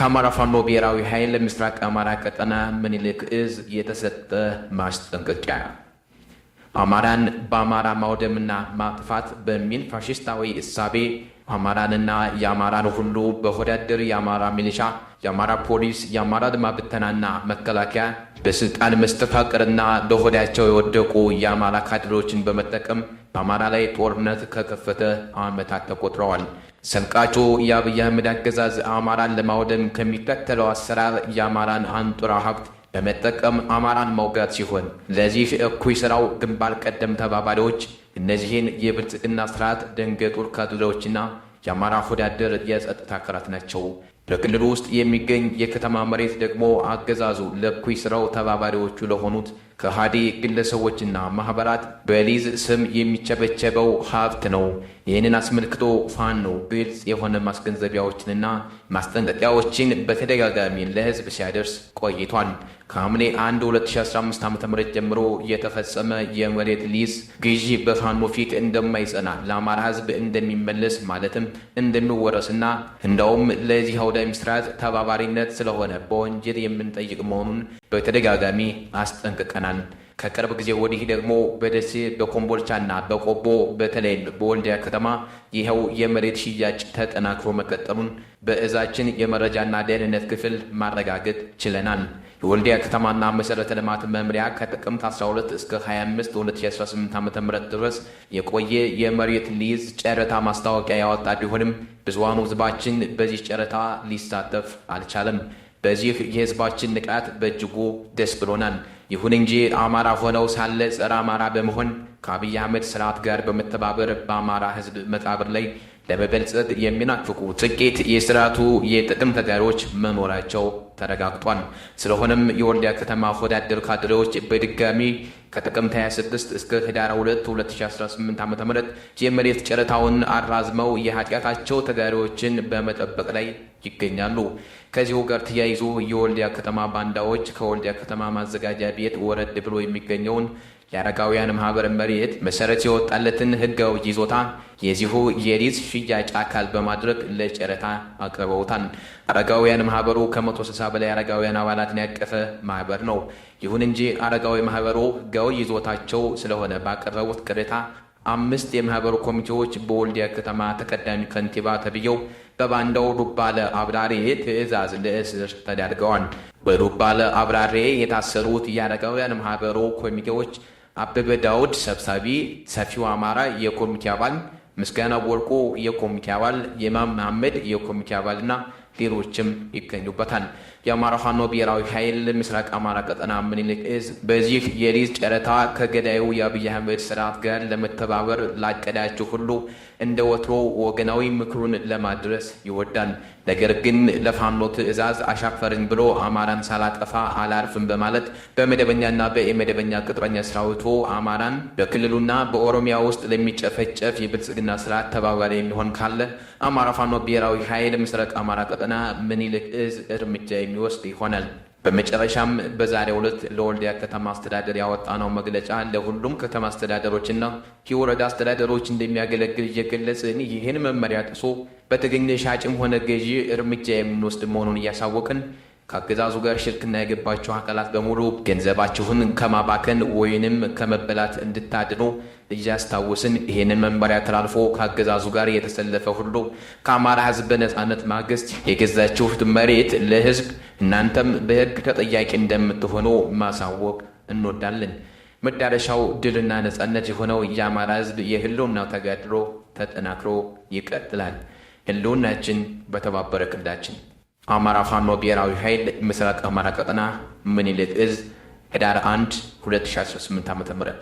ከአማራ ፋኖ ብሔራዊ ኃይል ምስራቅ አማራ ቀጠና ምኒልክ እዝ የተሰጠ ማስጠንቀቂያ አማራን በአማራ ማውደምና ማጥፋት በሚል ፋሽስታዊ እሳቤ አማራንና የአማራን ሁሉ በሆዳደር የአማራ ሚሊሻ፣ የአማራ ፖሊስ፣ የአማራ ድማ ብተናና መከላከያ በስልጣን መስተፋቅርና ለሆዳቸው የወደቁ የአማራ ካድሬዎችን በመጠቀም በአማራ ላይ ጦርነት ከከፈተ ዓመታት ተቆጥረዋል። ሰልቃቹ የአብይ አህመድ አገዛዝ አማራን ለማውደም ከሚከተለው አሰራር የአማራን አንጡራ ሀብት በመጠቀም አማራን መውጋት ሲሆን ለዚህ እኩይ ስራው ግንባር ቀደም ተባባሪዎች እነዚህን የብልጽግና ስርዓት ደንገጡር ካድሬዎችና የአማራ ወዳደር የጸጥታ አካላት ናቸው። በክልሉ ውስጥ የሚገኝ የከተማ መሬት ደግሞ አገዛዙ ለእኩይ ስራው ተባባሪዎቹ ለሆኑት ከሃዲ ግለሰቦችና ማኅበራት በሊዝ ስም የሚቸበቸበው ሀብት ነው። ይህንን አስመልክቶ ፋኖ ግልጽ የሆነ ማስገንዘቢያዎችንና ማስጠንቀቂያዎችን በተደጋጋሚ ለሕዝብ ሲያደርስ ቆይቷል። ከሐምሌ 1 2015 ዓ ም ጀምሮ የተፈጸመ የመሬት ሊዝ ግዢ በፋኖ ፊት እንደማይጸና ለአማራ ሕዝብ እንደሚመለስ ማለትም እንደሚወረስና እንደውም ለዚህ አውደ ተባባሪነት ስለሆነ በወንጀል የምንጠይቅ መሆኑን በተደጋጋሚ አስጠንቅቀናል። ከቅርብ ጊዜ ወዲህ ደግሞ በደሴ በኮምቦልቻና በቆቦ በተለይም በወልዲያ ከተማ ይኸው የመሬት ሽያጭ ተጠናክሮ መቀጠሉን በእዛችን የመረጃና ደህንነት ክፍል ማረጋገጥ ችለናል። የወልዲያ ከተማና መሠረተ ልማት መምሪያ ከጥቅምት 12 እስከ 25 2018 ዓ ም ድረስ የቆየ የመሬት ሊዝ ጨረታ ማስታወቂያ ያወጣ ቢሆንም ብዙሃኑ ህዝባችን በዚህ ጨረታ ሊሳተፍ አልቻለም። በዚህ የህዝባችን ንቃት በእጅጉ ደስ ብሎናል። ይሁን እንጂ አማራ ሆነው ሳለ ጸረ አማራ በመሆን ከአብይ አህመድ ስርዓት ጋር በመተባበር በአማራ ህዝብ መቃብር ላይ ለመበልጸግ የሚናፍቁ ጥቂት የስርዓቱ የጥቅም ተጋሪዎች መኖራቸው ተረጋግጧል። ስለሆነም የወልዲያ ከተማ አርሶ ካድሬዎች በድጋሚ ከጥቅምት 26 እስከ ህዳር 2 2018 ዓ ም የመሬት ጨረታውን አራዝመው የኃጢአታቸው ተጋሪዎችን በመጠበቅ ላይ ይገኛሉ። ከዚሁ ጋር ተያይዞ የወልዲያ ከተማ ባንዳዎች ከወልዲያ ከተማ ማዘጋጃ ቤት ወረድ ብሎ የሚገኘውን የአረጋውያን ማህበር መሬት መሰረት የወጣለትን ህገው ይዞታ የዚሁ የሊዝ ሽያጭ አካል በማድረግ ለጨረታ አቅርበውታል። አረጋውያን ማህበሩ ከ160 በላይ አረጋውያን አባላትን ያቀፈ ማህበር ነው። ይሁን እንጂ አረጋዊ ማህበሩ ህጋዊ ይዞታቸው ስለሆነ ባቀረቡት ቅሬታ አምስት የማህበሩ ኮሚቴዎች በወልዲያ ከተማ ተቀዳሚ ከንቲባ ተብየው በባንዳው ዱባለ አብራሬ ትዕዛዝ ለእስር ተዳርገዋል። በዱባለ አብራሬ የታሰሩት የአረጋውያን ማህበሩ ኮሚቴዎች አበበ ዳውድ ሰብሳቢ፣ ሰፊው አማራ የኮሚቴ አባል፣ ምስጋና ወርቁ የኮሚቴ አባል፣ የማም መሐመድ የኮሚቴ አባልና ሌሎችም ይገኙበታል። የአማራ ፋኖ ብሔራዊ ኃይል ምስራቅ አማራ ቀጠና ምኒልክ እዝ በዚህ የሊዝ ጨረታ ከገዳዩ የአብይ አህመድ ስርዓት ጋር ለመተባበር ላቀዳችሁ ሁሉ እንደ ወትሮ ወገናዊ ምክሩን ለማድረስ ይወዳል። ነገር ግን ለፋኖ ትዕዛዝ አሻፈርኝ ብሎ አማራን ሳላጠፋ አላርፍም በማለት በመደበኛና በመደበኛ ቅጥረኛ ሰራዊቱ አማራን በክልሉና በኦሮሚያ ውስጥ ለሚጨፈጨፍ የብልጽግና ስርዓት ተባባሪ የሚሆን ካለ አማራ ፋኖ ብሔራዊ ኃይል ምስራቅ አማራ ቀጠና ምኒልክ እዝ እርምጃ የሚወስድ ይሆናል። በመጨረሻም በዛሬ ዕለት ለወልዲያ ከተማ አስተዳደር ያወጣነው መግለጫ ለሁሉም ከተማ አስተዳደሮችና የወረዳ አስተዳደሮች እንደሚያገለግል እየገለጽን ይህን መመሪያ ጥሶ በተገኘ ሻጭም ሆነ ገዢ እርምጃ የምንወስድ መሆኑን እያሳወቅን ከአገዛዙ ጋር ሽርክና የገባቸው አካላት በሙሉ ገንዘባችሁን ከማባከን ወይንም ከመበላት እንድታድኑ እያስታወስን ይህንን መመሪያ ተላልፎ ከአገዛዙ ጋር የተሰለፈ ሁሉ ከአማራ ሕዝብ በነፃነት ማግስት የገዛችሁት መሬት ለሕዝብ እናንተም በሕግ ተጠያቂ እንደምትሆኑ ማሳወቅ እንወዳለን። መዳረሻው ድልና ነፃነት የሆነው የአማራ ሕዝብ የህልውና ተጋድሎ ተጠናክሮ ይቀጥላል። ህልውናችን በተባበረ ክንዳችን አማራ ፋኖ ብሔራዊ ኃይል ምስራቅ አማራ ቀጠና ምኒልክ እዝ ህዳር 1 2018 ዓ ም